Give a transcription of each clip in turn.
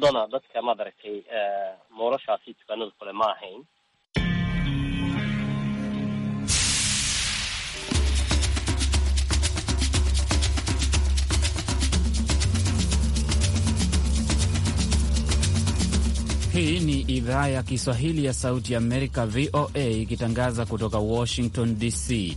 dona dadka madaragtay moorashaasi dukaanada kale ma ahayn Hii ni idhaa ya Kiswahili ya Sauti ya Amerika, VOA, ikitangaza kutoka Washington DC.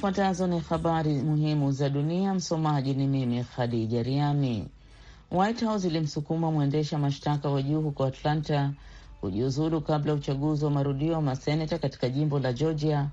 Zifuatazo ni habari muhimu za dunia. Msomaji ni mimi Khadija Riami. White House ilimsukuma mwendesha mashtaka wa juu huko Atlanta kujiuzulu kabla ya uchaguzi wa marudio wa maseneta katika jimbo la Georgia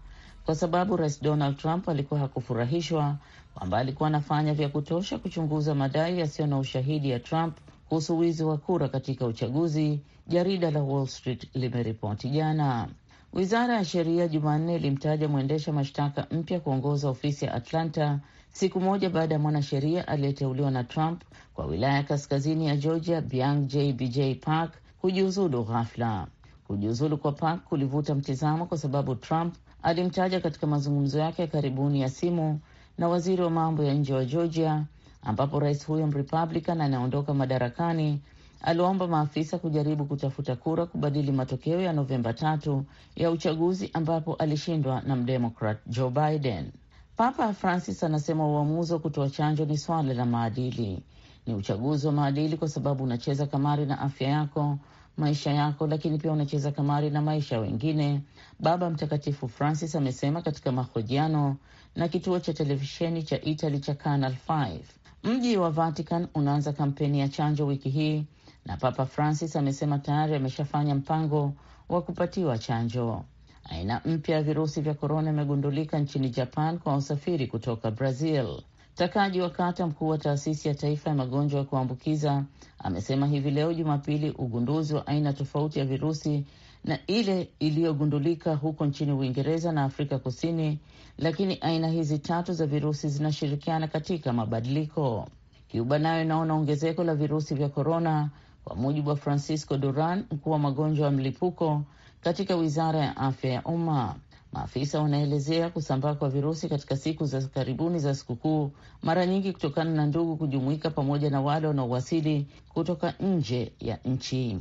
kwa sababu Rais Donald Trump alikuwa hakufurahishwa kwamba alikuwa anafanya vya kutosha kuchunguza madai yasiyo na ushahidi ya Trump kuhusu wizi wa kura katika uchaguzi, jarida la Wall Street limeripoti jana. Wizara ya sheria Jumanne ilimtaja mwendesha mashtaka mpya kuongoza ofisi ya Atlanta siku moja baada ya mwanasheria aliyeteuliwa na Trump kwa wilaya ya kaskazini ya Georgia Biang J BJ Park kujiuzulu ghafla. Kujiuzulu kwa Park kulivuta mtizamo kwa sababu Trump alimtaja katika mazungumzo yake ya karibuni ya simu na waziri wa mambo ya nje wa Georgia, ambapo rais huyo Mrepublican anaondoka madarakani aliwaomba maafisa kujaribu kutafuta kura kubadili matokeo ya Novemba tatu ya uchaguzi ambapo alishindwa na mdemokrat Joe Biden. Papa Francis anasema uamuzi wa kutoa chanjo ni swala la maadili. Ni uchaguzi wa maadili kwa sababu unacheza kamari na afya yako, maisha yako, lakini pia unacheza kamari na maisha wengine, Baba Mtakatifu Francis amesema katika mahojiano na kituo cha televisheni cha Italy cha Canal 5. Mji wa Vatican unaanza kampeni ya chanjo wiki hii na Papa Francis amesema tayari ameshafanya mpango wa kupatiwa chanjo. Aina mpya ya virusi vya korona imegundulika nchini Japan kwa wasafiri kutoka Brazil. Takaji Wakata, mkuu wa taasisi ya taifa ya magonjwa ya kuambukiza, amesema hivi leo Jumapili ugunduzi wa aina tofauti ya virusi na ile iliyogundulika huko nchini Uingereza na Afrika Kusini, lakini aina hizi tatu za virusi zinashirikiana katika mabadiliko. Cuba nayo inaona ongezeko la virusi vya korona kwa mujibu wa Francisco Duran, mkuu wa magonjwa ya mlipuko katika wizara ya afya ya umma. Maafisa wanaelezea kusambaa kwa virusi katika siku za karibuni za sikukuu, mara nyingi kutokana na ndugu kujumuika pamoja na wale wanaowasili kutoka nje ya nchi.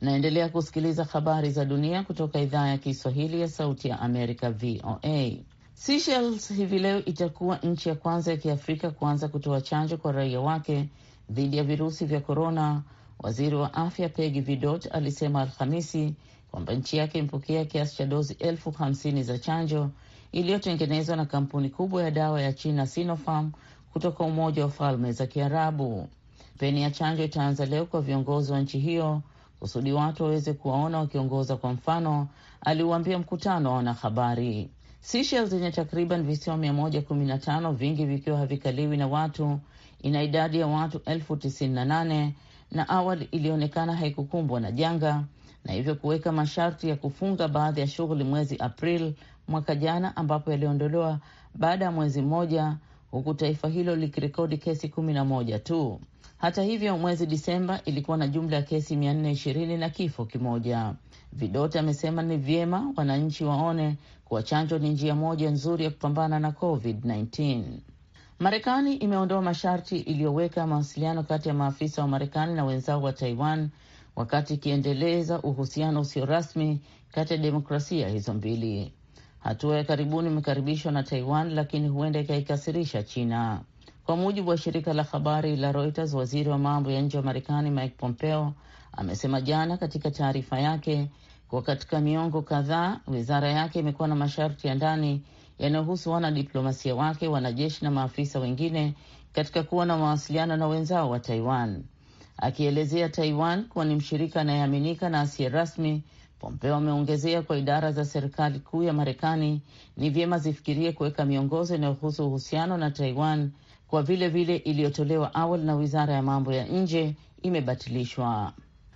Naendelea kusikiliza habari za dunia kutoka idhaa ya Kiswahili ya Sauti ya Amerika, VOA. Seychelles hivi leo itakuwa nchi ya kwanza ya Kiafrika kuanza kutoa chanjo kwa raia wake dhidi ya virusi vya korona Waziri wa afya Peggy Vidot alisema Alhamisi kwamba nchi yake imepokea kiasi cha dozi elfu hamsini za chanjo iliyotengenezwa na kampuni kubwa ya dawa ya China Sinopharm kutoka Umoja wa Falme za Kiarabu. Peni ya chanjo itaanza leo kwa viongozi wa nchi hiyo kusudi watu waweze kuwaona wakiongoza kwa mfano, aliuambia mkutano wa wanahabari. Seychelles zenye takriban visiwa 115 vingi vikiwa havikaliwi na watu, ina idadi ya watu elfu tisini na nane na awali ilionekana haikukumbwa na janga na hivyo kuweka masharti ya kufunga baadhi ya shughuli mwezi Aprili mwaka jana, ambapo yaliondolewa baada ya mwezi mmoja, huku taifa hilo likirekodi kesi kumi na moja tu. Hata hivyo, mwezi Disemba ilikuwa na jumla ya kesi mia nne ishirini na kifo kimoja. Vidote amesema ni vyema wananchi waone kuwa chanjo ni njia moja nzuri ya kupambana na COVID-19. Marekani imeondoa masharti iliyoweka mawasiliano kati ya maafisa wa Marekani na wenzao wa Taiwan wakati ikiendeleza uhusiano usio rasmi kati ya demokrasia hizo mbili. Hatua ya karibuni imekaribishwa na Taiwan, lakini huenda ikaikasirisha China. Kwa mujibu wa shirika la habari la Reuters, waziri wa mambo ya nje wa Marekani Mike Pompeo amesema jana katika taarifa yake kuwa katika miongo kadhaa wizara yake imekuwa na masharti ya ndani yanayohusu wanadiplomasia wake, wanajeshi na maafisa wengine katika kuwa na mawasiliano na wenzao wa Taiwan. Akielezea Taiwan kuwa ni mshirika anayeaminika na asiye rasmi, Pompeo ameongezea kwa idara za serikali kuu ya Marekani ni vyema zifikirie kuweka miongozo inayohusu uhusiano na Taiwan, kwa vile vile iliyotolewa awali na wizara ya mambo ya nje imebatilishwa.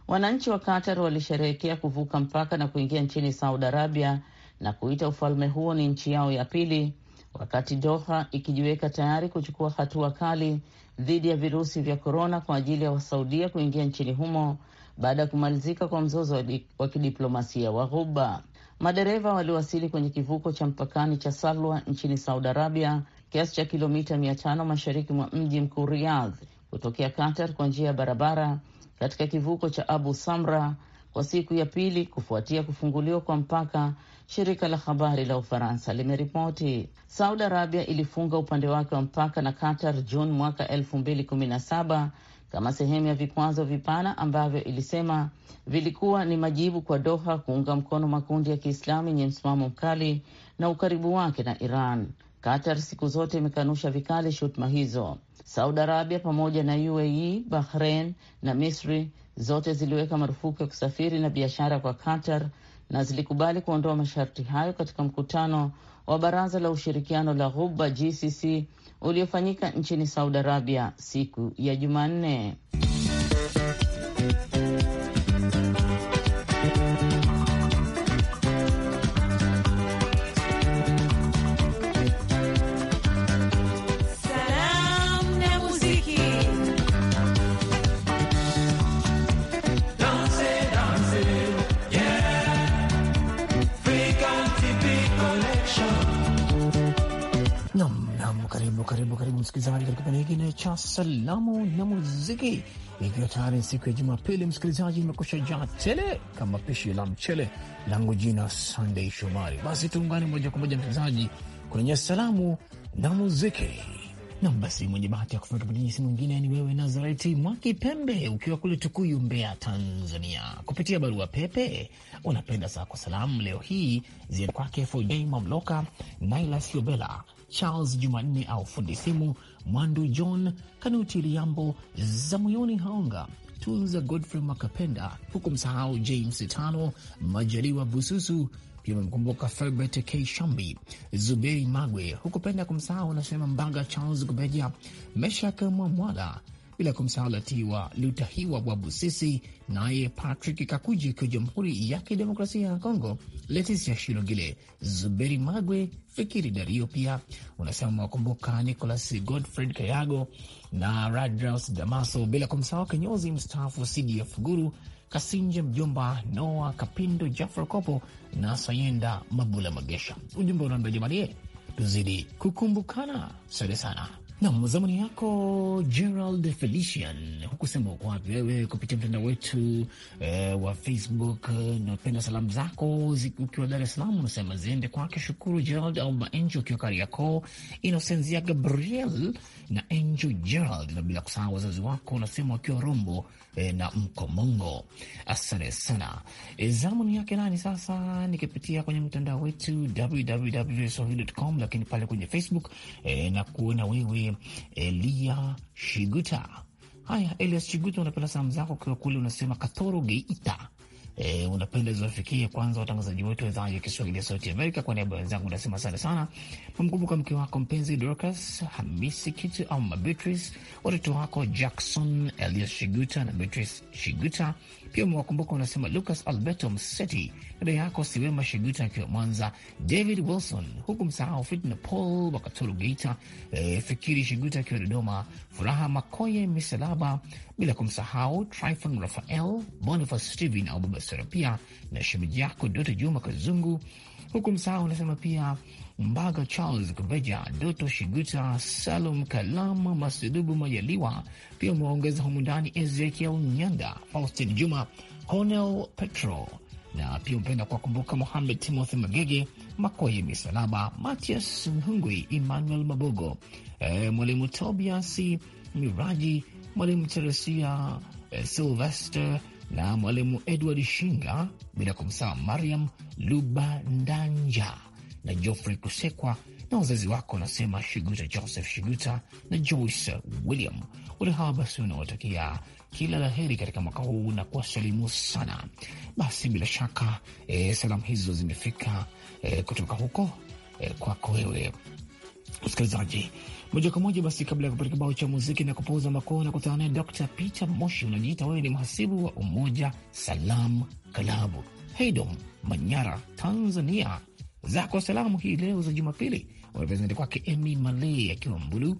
Wananchi wa Qatar walisherehekea kuvuka mpaka na kuingia nchini Saudi Arabia na kuita ufalme huo ni nchi yao ya pili, wakati Doha ikijiweka tayari kuchukua hatua kali dhidi ya virusi vya korona kwa ajili ya wasaudia kuingia nchini humo baada ya kumalizika kwa mzozo wa kidiplomasia wa Ghuba. Madereva waliowasili kwenye kivuko cha mpakani cha Salwa nchini Saudi Arabia, kiasi cha kilomita tano mashariki mwa mji mkuu Riyadh, kutokea Qatar kwa njia ya barabara katika kivuko cha Abu Samra kwa siku ya pili kufuatia kufunguliwa kwa mpaka, shirika la habari la Ufaransa limeripoti. Saudi Arabia ilifunga upande wake wa mpaka na Qatar Juni mwaka elfu mbili kumi na saba kama sehemu ya vikwazo vipana ambavyo ilisema vilikuwa ni majibu kwa Doha kuunga mkono makundi ya Kiislamu yenye msimamo mkali na ukaribu wake na Iran. Qatar siku zote imekanusha vikali shutuma hizo. Saudi Arabia pamoja na UAE, Bahrain na Misri zote ziliweka marufuku ya kusafiri na biashara kwa Qatar na zilikubali kuondoa masharti hayo katika mkutano wa Baraza la Ushirikiano la Ghuba GCC uliofanyika nchini Saudi Arabia siku ya Jumanne. Karibu karibu msikilizaji, katika kipindi kingine cha salamu na muziki, ikiwa tayari siku ya Jumapili msikilizaji, nimekusha jaa tele kama pishi la mchele langu. Jina Sunday Shomari. Basi tuungane moja kwa moja msikilizaji kwenye salamu na muziki. Nam, basi mwenye bahati ya kufanya kipindi si mwingine ni wewe Nazareti Mwakipembe, ukiwa kule Tukuyu, Mbeya, Tanzania. Kupitia barua pepe unapenda zako salamu leo hii ziende kwake Foj Mamloka, Naila Siobela Charles Jumanne au fundi simu Mwandu John Kanuti Liambo Zamuyoni Haonga Tunza Godfrey Makapenda, huku msahau James Tano Majaliwa Bususu. Pia amemkumbuka Felbert K Shambi, Zuberi Magwe, hukupenda kumsahau anasema Mbaga Charles Gubeja, Meshak Mwamwala bila kumsahau Latiwa Lutahiwa wa Busisi, naye Patrick Kakuji ikiwa Jamhuri ya Kidemokrasia ya Kongo, Letisia Shilogile, Zuberi Magwe, Fikiri Dario. Pia unasema mwakumbuka Nicolas Godfred Kayago na Radraus Damaso, bila kumsahau kinyozi mstaafu CDF Guru Kasinje Mjomba, Noa Kapindo, Jafar Kopo na Sayenda Mabula Magesha. Ujumbe unaambia jamani, tuzidi kukumbukana. Sante sana. Nam zamani yako Gerald Felician, hukusema uko wapi wewe kupitia mtandao wetu e, wa Facebook. Eh, napenda salamu zako ukiwa Dar es Salaam, unasema ziende kwake Shukuru Gerald Alba Enjo ukiwa Kariakoo, Inosenzia Gabriel na Enjo Gerald, na bila kusahau wazazi wako unasema wakiwa Rombo e, na Mkomongo. Asante sana. E, zamani yake nani sasa, nikipitia kwenye mtandao wetu www.swahili.com, lakini pale kwenye Facebook e, na kuona wewe Elia Shiguta. Haya, Elias Shiguta, unapenda salamu zako ukiwa kule unasema kathoro Geita. E, unapenda ziwafikie kwanza watangazaji wetu wa idhaa ya Kiswahili ya Sauti Amerika. Kwa niaba ya wenzangu nasema asante sana, kumkumbuka mke wako mpenzi Dorcas Hamisi Kitu ama watoto wako Jackson Elias Shiguta na Beatrice Shiguta. Pia umewakumbuka unasema Lucas Alberto Mseti, dada yako Siwema Shiguta akiwa Mwanza, David Wilson, huku msahau Fitna Paul Wakatoro Geita, eh, Fikiri Shiguta akiwa Dodoma, Furaha Makoye Misalaba, bila kumsahau Trifon Rafael, Boniface Steven au Baba Serapia na shemeji yako Doto Juma Kazungu huku msahau unasema pia Mbaga Charles Kubeja, Doto Shiguta, Salum Kalama, Masudubu Majaliwa. Pia umewaongeza humu ndani Ezekiel Nyanda, Faustin Juma, Cornel Petro na pia umependa kuwakumbuka Mohamed Timothy Magege, Makoye Misalaba, Matias Mhungwi, Emmanuel Mabogo, e, Mwalimu Tobias Miraji, Mwalimu Teresia e, eh, Silvester na mwalimu Edward Shinga, bila kumsahau Mariam Lubandanja na Geoffrey Kusekwa na wazazi wako wanasema Shiguta Joseph Shiguta na Joyce William. Wale hawa basi wanawatakia kila la heri katika mwaka huu na kuwasalimu sana. Basi bila shaka e, salamu hizo zimefika e, kutoka huko e, kwako wewe msikilizaji moja kwa moja. Basi, kabla ya kupata kibao cha muziki na kupuuza na kutana naye Dr Peter Moshi. Unajiita wewe ni mhasibu wa Umoja Salam Klabu Heidom, Manyara, Tanzania. Zako salamu hii leo za Jumapili warepresenti kwake Emi Male akiwa Mbulu,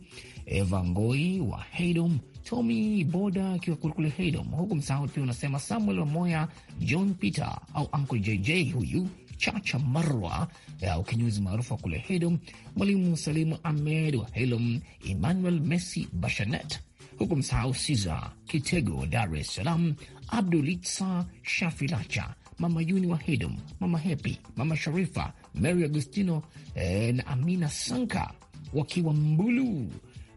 Eva Ngoi wa Heidom, Tommy Boda akiwa Kulukule Heidom, huku msahau pia unasema Samuel Wamoya, John Peter au Uncle JJ huyu Chacha Marwa ya ukinyozi maarufu wa kule Hidom, mwalimu Salimu Ahmed wa Helom, Emmanuel Messi Bashanet, huku msahau Siza Kitego Dar es Salaam, Abdulitsa Shafilacha, Mama Juni wa Hedom, Mama Hepi, Mama Sharifa, Mary Agustino eh, na Amina Sanka wakiwa Mbulu,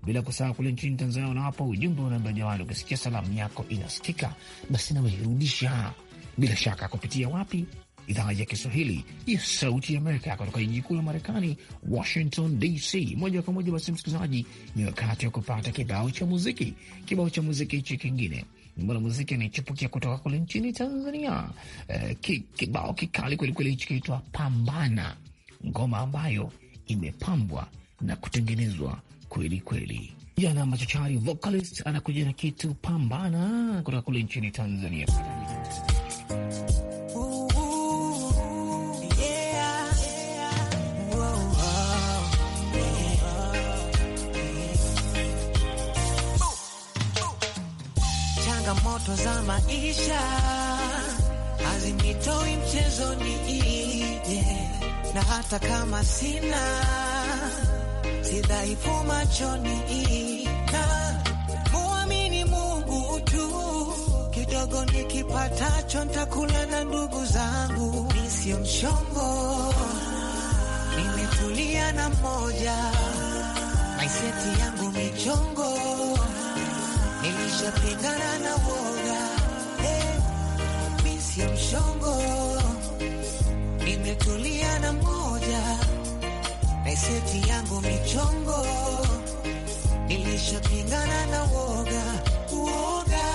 bila kusahau kule nchini Tanzania. Unawapa ujumbe unaambia jamani, ukisikia salamu yako inasikika, basi nawe irudisha bila shaka kupitia wapi? idhaa ya Kiswahili ya Sauti Amerika kutoka jiji kuu la Marekani, Washington DC. Moja kwa moja basi, msikilizaji, ni wakati wa kupata kibao cha muziki. Kibao cha muziki hichi kingine ni mwanamuziki anayechipukia kutoka kule nchini Tanzania. Eh, kibao kikali kwelikweli hichi kinaitwa Pambana, ngoma ambayo imepambwa na kutengenezwa kweli kweli. Jana machachari vocalist anakuja na kitu Pambana kutoka kule nchini Tanzania. ndoto za maisha hazinitoi mchezoni ije, na hata kama sina sidhaifu machoni ika muamini Mungu tu. Kidogo nikipatacho ntakula na ndugu zangu, nisio mshongo, nimetulia na mmoja maiseti yangu michongo nilishapigana na wote si mshongo, nimetulia na moja na yangu michongo, nilishapingana na woga uoga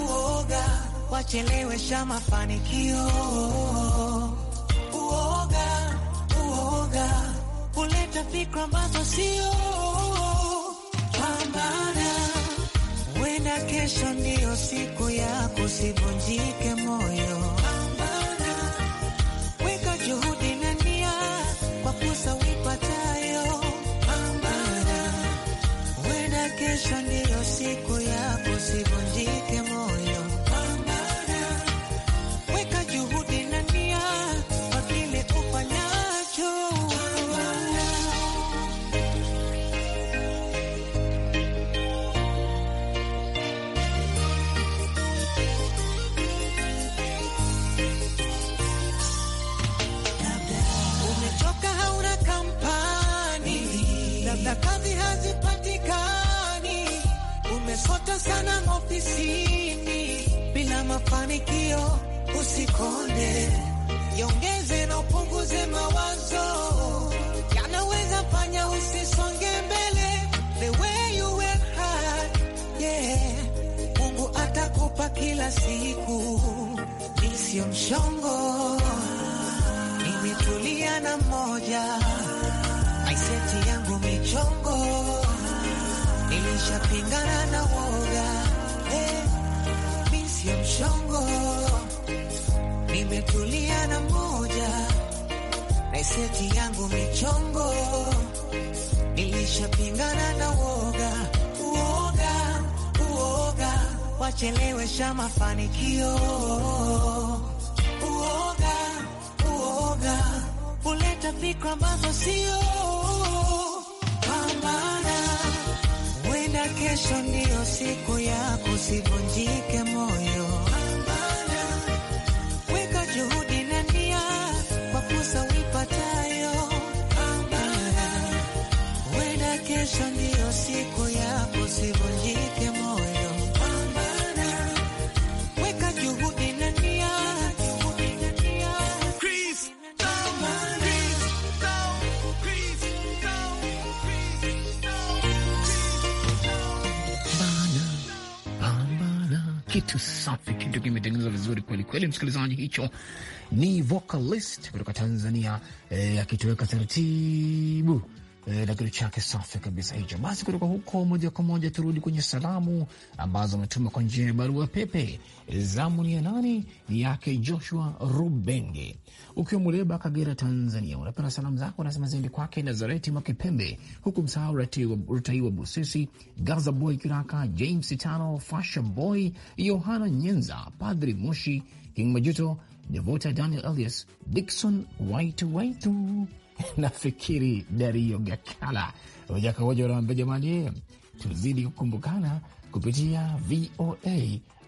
uoga, wachelewesha mafanikio uoga uoga, kuleta fikra ambazo sio Penda kesho ndiyo siku yako, sivunjike moyo, weka juhudi na nia wipatayo, kijana mmoja, maiseti yangu michongo, nilishapingana na woga eh, misi ya mchongo, nimetulia na moja, maiseti yangu michongo, nilishapingana na woga, uoga, uoga wachelewesha mafanikio fikra ambazo sio pambana, wenda kesho ndio siku yako, sivunjike moyo. kitu safi, kitu kimetengenezwa vizuri kweli kweli. Msikilizaji, hicho ni vocalist kutoka Tanzania eh, taratibu na eh, kitu chake safi kabisa hicho. Basi kutoka huko moja kwa moja turudi kwenye salamu ambazo ametuma kwa njia ya barua pepe. Zamu ni ya nani? Ni yake Joshua Rubenge, ukiwa Muleba, Kagera, Tanzania. Unapenda salamu zako nasema ziende kwake Nazareti Mwakipembe, huku msahau Rutaiwa Busisi, Gaza Boy Kiraka, James Tano, Fasha Boy, Yohana Nyenza, Padri Moshi, King Majuto, Devota Daniel Elias, Dikson Waitu Waitu nafikiri Dario Gakala moja kwa moja wanaambia jamani, tuzidi kukumbukana kupitia VOA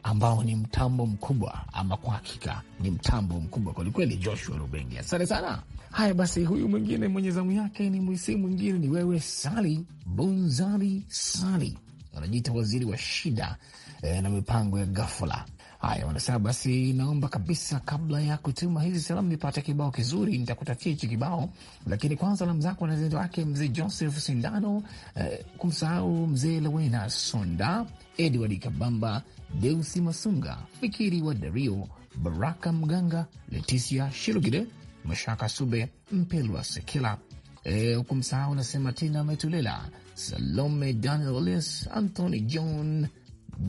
ambao ni mtambo mkubwa, ama kwa hakika ni mtambo mkubwa kwelikweli. Joshua Rubengi, asante sana. Haya basi, huyu mwingine mwenye zamu yake ni mwisi mwingine, ni wewe Sali Bunzali Sali, anajiita waziri wa shida eh, na mipango ya gafula Haya, wanasema basi, naomba kabisa kabla ya kutuma hizi salamu nipate kibao kizuri, nitakutakia hichi kibao, lakini kwanza salamu zako na wake mzee Joseph Sindano eh, kumsahau mzee Lewena Sonda, Edward Kabamba, Deusi Masunga, Fikiri wa Dario, Baraka Mganga, Leticia Shirugide, Mashaka Sube, Mpelwa Sekela, eh, kumsahau nasema Tina Metulela, Salome Daniel Oles, Anthony John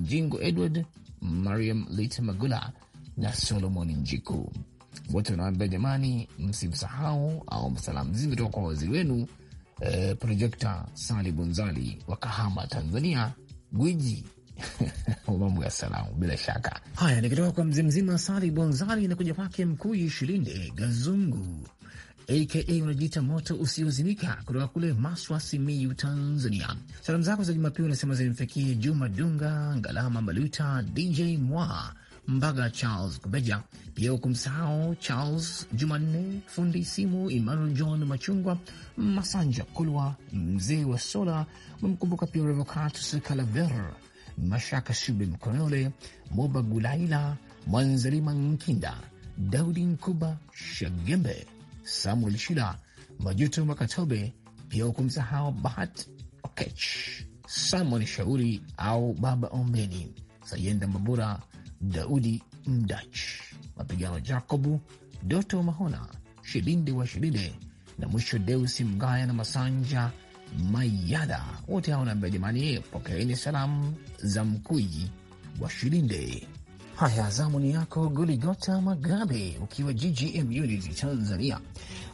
Jingo, Edward Mariam Lit Magula na Solomon Njiku. Wote wanawambia jamani, msimsahau au msalamu mzima kwa waziri wenu eh, projekta Sali Bunzali wa Kahama, Tanzania, gwiji mambo ya salamu bila shaka. Haya, nikitoka kwa mzee mzima Sali Bonzali na kuja kwake mkuu Ishilinde Gazungu aka unajiita moto usiozimika kutoka kule Maswa, Simiyu, Tanzania. Salamu zako za Jumapili unasema zimfikie Juma Dunga, Ngalama Maluta, DJ Mwa Mbaga, Charles Kubeja, pia ukumsahau Charles Jumanne, fundi simu Emmanuel John Machungwa, Masanja Kulwa, mzee wa sola. Umemkumbuka pia Revocatus Calaver, Mashaka Shube, Mkonole Moba, Gulaila Mwanzalima, Nkinda, Daudi Nkuba, Shagembe Samuel Shila, Majuto Makatobe, pia hukumsahau Bahat Okech, Samon Shauri au Baba Ombeni, Sayenda Mabura, Daudi Mdach, Mapigano Jacobu, Doto Mahona, Shilinde wa Shilinde na mwisho Deusi Mgaya na Masanja Mayada. Wote hao naambia jamani, pokeeni salamu za Mkuji wa Shilinde. Haya, zamuni yako Goligota Magabe ukiwa GGM Unity Tanzania,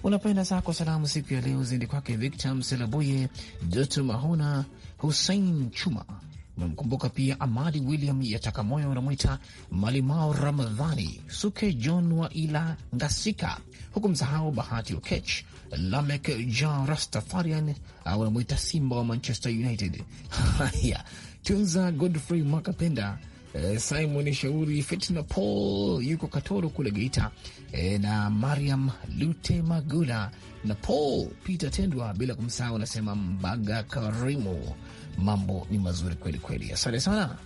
unapenda zako salamu siku ya leo zindi kwake Victor Mselabuye, Doto Mahona, Hussein Chuma. Umemkumbuka pia Amadi William moyo unamwita Malimao Ramadhani Suke, John wa Ila Ngasika, huku msahau Bahati Okech, Lamek Jean Rastafarian, unamwita Simba wa Manchester United. Haya, tunza Godfrey Mwakapenda Eh, Simon Shauri Fitna Paul yuko Katoro kule Geita e, na Mariam Lute Magula na Paul Peter Tendwa, bila kumsahau anasema Mbaga Karimu. Mambo ni mazuri kweli kweli, asante sana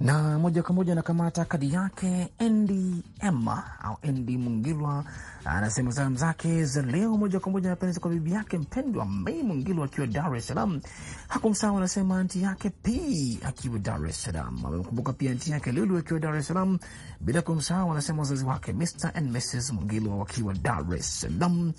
na moja kwa moja anakamata kadi yake. Andy Emma au Andy Mungilwa anasema salamu zake za leo moja kwa moja anapendeza kwa bibi yake mpendwa Mei Mungilwa akiwa Dar es Salaam. Hakumsahau, anasema anti yake P akiwa Dar es Salaam. Amemkumbuka pia anti yake Lulu akiwa Dar es Salaam, bila kumsahau, anasema wazazi wake Mr and Mrs Mungilwa wakiwa Dar es Salaam.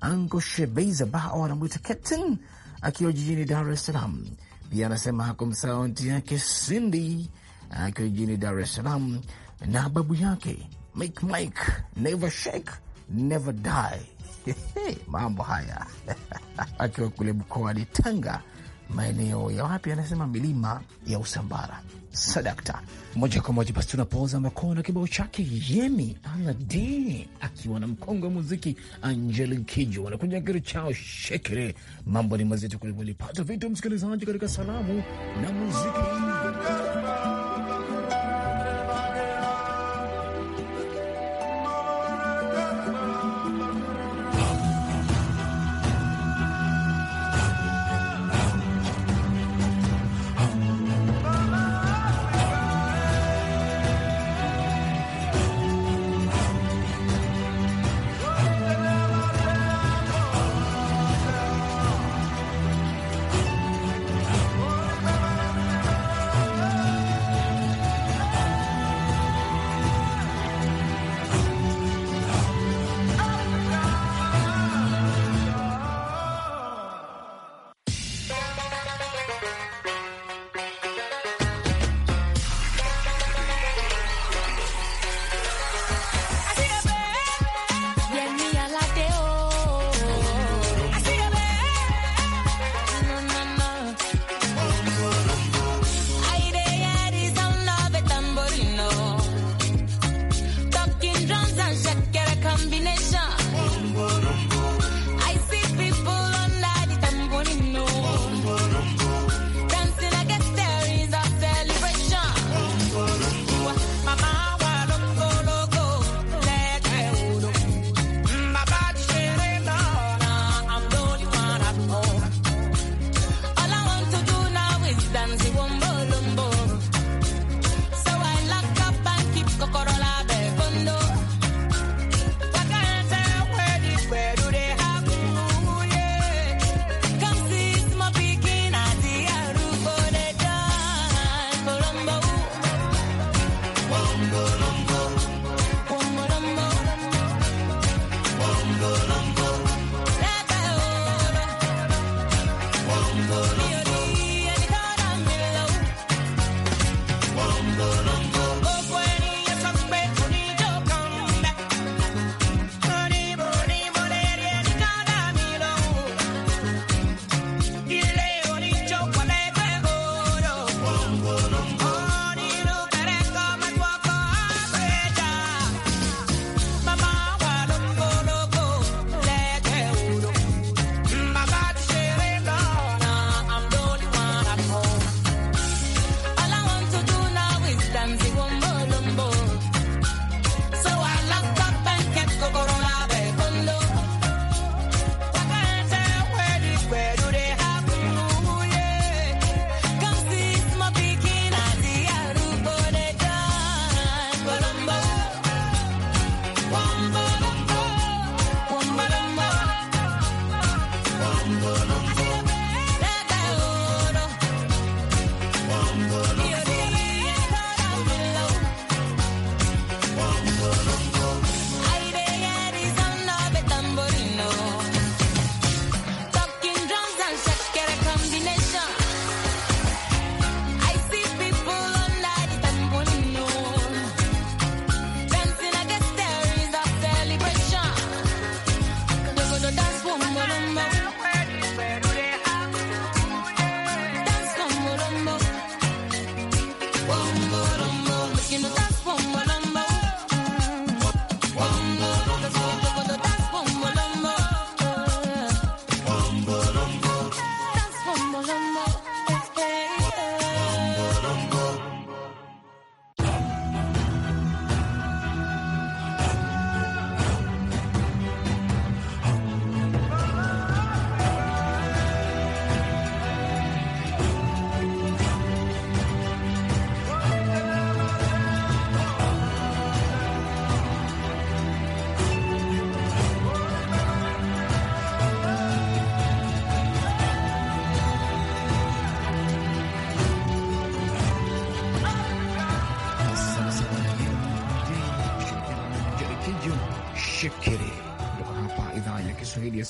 Anko Shebeiza Bao anamwita Captain akiwa jijini Dar es Salaam. Pia anasema hakumsahau anti yake Cindy akiwa jijini Dar es Salaam na babu yake Mike Mike, never shake never die mambo haya akiwa kule mkoani Tanga, maeneo ya wapi, anasema milima ya Usambara. Sadakta moja kwa moja basi, tunapooza makoo na kibao chake Yemi Alade akiwa na mkongo wa muziki Angel Kijo wanakuja kiro chao shekere. Mambo ni mazito kwelikweli. Pata vitu msikilizaji, katika salamu na muziki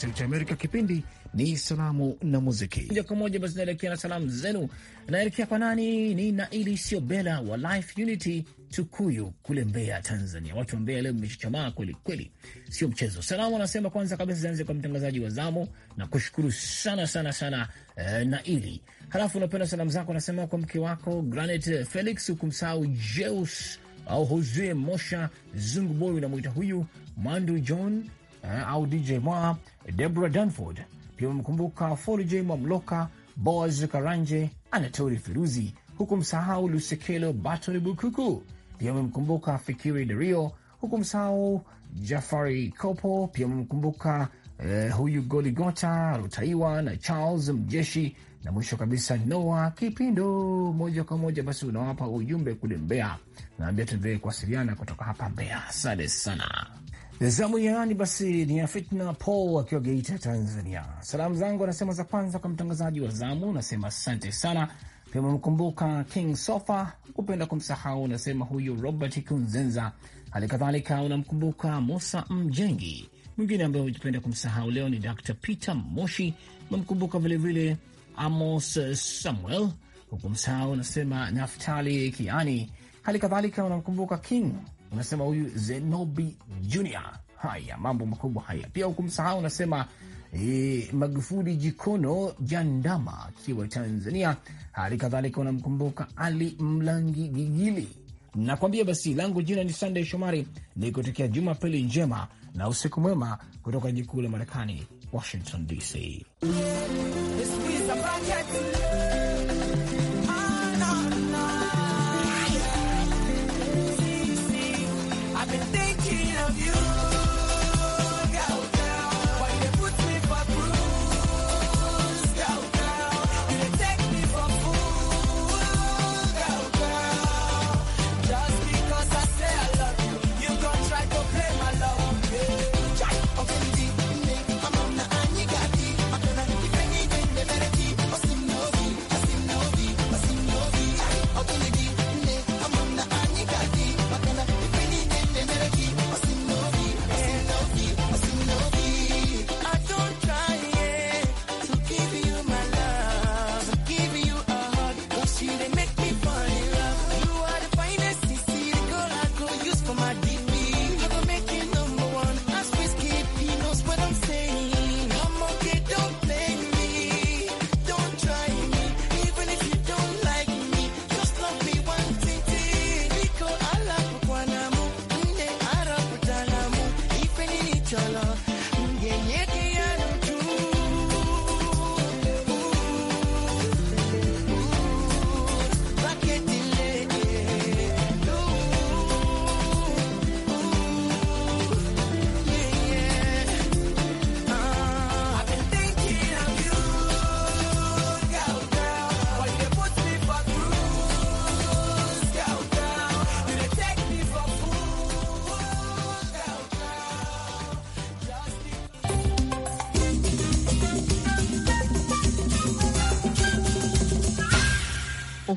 Sauti ya Amerika. Kipindi ni salamu na muziki moja kwa moja. Basi naelekea na salamu zenu, naelekea kwa nani? Ni Naili Siobela wa Life Unity Tukuyu kule Mbeya, Tanzania. Watu wa Mbeya leo mmeshichamaa kweli kweli, sio mchezo. Salamu anasema kwanza kabisa zianze kwa mtangazaji wa zamu na kushukuru sana sana sana eh, Naili. Halafu unapenda salamu zako anasema kwa mke wako Granit Felix, hukumsahau Jeus au Jose Mosha Zungu Boy, unamwita huyu Mandu John eh, au DJ Mwa Deborah Danford pia amemkumbuka Forje Mwamloka, Boaz Karanje, Anatoli Firuzi, huku msahau Lusekelo Batoni Bukuku. Pia amemkumbuka Fikiri Dario, huku msahau Jafari Kopo. Pia amemkumbuka eh, huyu Goligota Rutaiwa na Charles Mjeshi, na mwisho kabisa Noa Kipindo. Moja kwa moja basi unawapa ujumbe kule Mbeya, naambia tuendelee kuwasiliana kutoka hapa Mbeya. Asante sana. Zamu yaani basi ni ya Fitna Paul akiwa Geita, Tanzania. Salamu zangu anasema za kwanza kwa mtangazaji wa zamu, nasema asante sana. Pia amemkumbuka King Sofa, kupenda kumsahau, unasema huyu Robert Kunzenza. Hali kadhalika unamkumbuka Musa Mjengi. Mwingine ambaye ujipenda kumsahau leo ni Dr Peter Moshi, umemkumbuka vilevile Amos Samuel, hukumsahau unasema Naftali Kiani. Hali kadhalika unamkumbuka King unasema huyu Zenobi jr Haya, mambo makubwa haya. Pia hukumsahau unasema E, Magufuli Jikono Jandama akiwa Tanzania. Hali kadhalika unamkumbuka Ali Mlangi Gigili. Nakwambia basi, langu jina ni sandey Shomari, nikutokea Jumapili njema na usiku mwema kutoka jikuu la Marekani, Washington DC.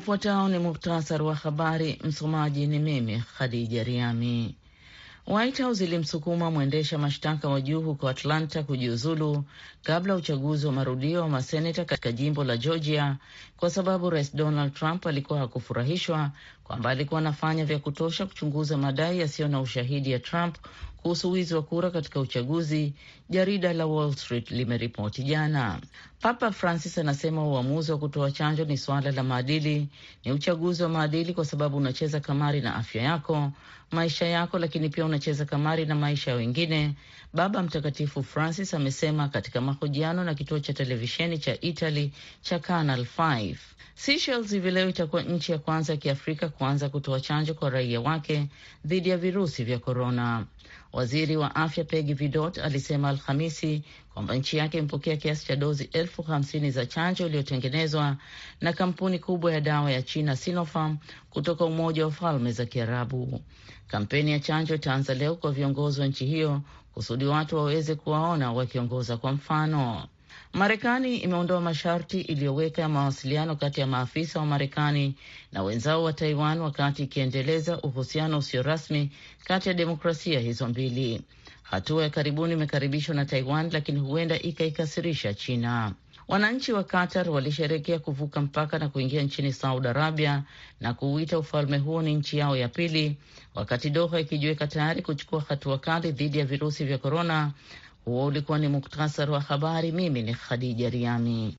Ufuatao ni muhtasari wa habari. Msomaji ni mimi Khadija Riami. White House ilimsukuma mwendesha mashtaka wa juu huko Atlanta kujiuzulu kabla ya uchaguzi wa marudio wa maseneta katika jimbo la Georgia kwa sababu Rais Donald Trump alikuwa hakufurahishwa kwamba alikuwa anafanya vya kutosha kuchunguza madai yasiyo na ushahidi ya Trump kuhusu wizi wa kura katika uchaguzi, jarida la Wall Street limeripoti jana. Papa Francis anasema uamuzi wa kutoa chanjo ni suala la maadili, ni uchaguzi wa maadili kwa sababu unacheza kamari na afya yako, maisha yako, lakini pia unacheza kamari na maisha ya wengine. Baba Mtakatifu Francis amesema katika mahojiano na kituo cha televisheni cha Italy cha Canal 5. Seychelles hivi leo itakuwa nchi ya kwanza ya Kiafrika kuanza kutoa chanjo kwa raia wake dhidi ya virusi vya korona. Waziri wa afya Pegi Vidot alisema Alhamisi kwamba nchi yake imepokea kiasi cha dozi elfu hamsini za chanjo iliyotengenezwa na kampuni kubwa ya dawa ya China Sinopharm kutoka Umoja wa Falme za Kiarabu. Kampeni ya chanjo itaanza leo kwa viongozi wa nchi hiyo kusudi watu waweze kuwaona wakiongoza kwa mfano. Marekani imeondoa masharti iliyoweka ya mawasiliano kati ya maafisa wa Marekani na wenzao wa Taiwan wakati ikiendeleza uhusiano usio rasmi kati ya demokrasia hizo mbili. Hatua ya karibuni imekaribishwa na Taiwan, lakini huenda ikaikasirisha China. Wananchi wa Qatar walisherekea kuvuka mpaka na kuingia nchini Saudi Arabia na kuuita ufalme huo ni nchi yao ya pili, wakati Doha ikijiweka tayari kuchukua hatua kali dhidi ya virusi vya korona huo ulikuwa ni muktasari wa habari. Mimi ni Khadija Riami.